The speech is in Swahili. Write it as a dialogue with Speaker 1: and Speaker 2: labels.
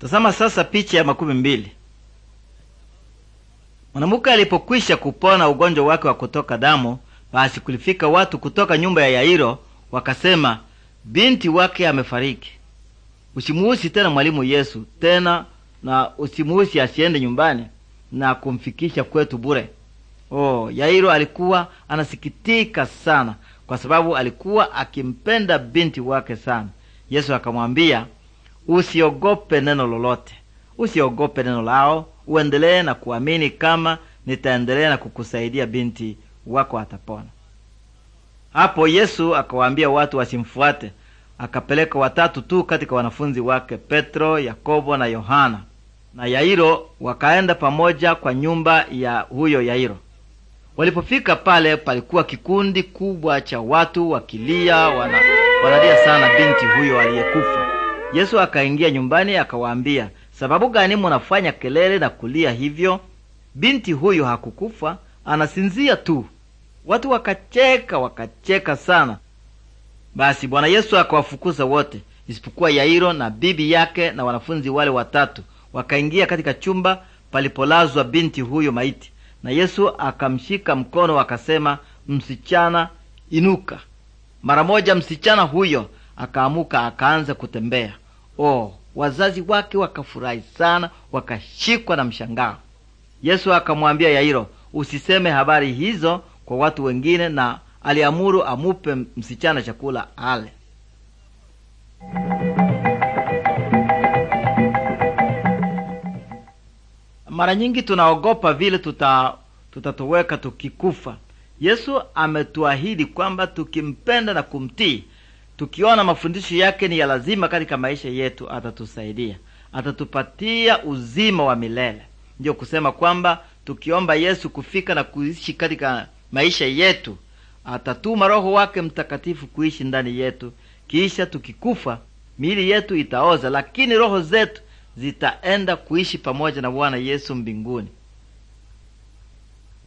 Speaker 1: Tazama sasa picha ya makumi mbili. Mwanamke alipokwisha kupona ugonjwa wake wa kutoka damu, basi kulifika watu kutoka nyumba ya Yairo wakasema, binti wake amefariki, usimuhusi tena mwalimu Yesu tena, na usimuhusi asiende nyumbani na kumfikisha kwetu bure. Oh, Yairo alikuwa anasikitika sana, kwa sababu alikuwa akimpenda binti wake sana. Yesu akamwambia, Usiogope neno lolote, usiogope neno lao, uendelee na kuamini kama nitaendelea na kukusaidia, binti wako atapona. Hapo Yesu akawaambia watu wasimfuate, akapeleka watatu tu katika wanafunzi wake, Petro, Yakobo na Yohana na Yairo, wakaenda pamoja kwa nyumba ya huyo Yairo. Walipofika pale, palikuwa kikundi kubwa cha watu wakilia, wana, wanalia sana binti huyo aliyekufa. Yesu akaingia nyumbani akawaambia, sababu gani munafanya kelele na kulia hivyo? Binti huyu hakukufa, anasinzia tu. Watu wakacheka, wakacheka sana. Basi Bwana Yesu akawafukuza wote isipokuwa Yairo na bibi yake na wanafunzi wale watatu, wakaingia katika chumba palipolazwa binti huyo maiti. Na Yesu akamshika mkono akasema, msichana, inuka. Mara moja msichana huyo akaamuka akaanza kutembea. Oh, wazazi wake wakafurahi sana, wakashikwa na mshangao. Yesu akamwambia Yairo, usiseme habari hizo kwa watu wengine, na aliamuru amupe msichana chakula ale. Mara nyingi tunaogopa vile tuta tutatoweka tukikufa. Yesu ametuahidi kwamba tukimpenda na kumtii tukiona mafundisho yake ni ya lazima katika maisha yetu, atatusaidia, atatupatia uzima wa milele. Ndiyo kusema kwamba tukiomba Yesu kufika na kuishi katika maisha yetu, atatuma Roho wake Mtakatifu kuishi ndani yetu. Kisha tukikufa, miili yetu itaoza, lakini roho zetu zitaenda kuishi pamoja na Bwana Yesu mbinguni.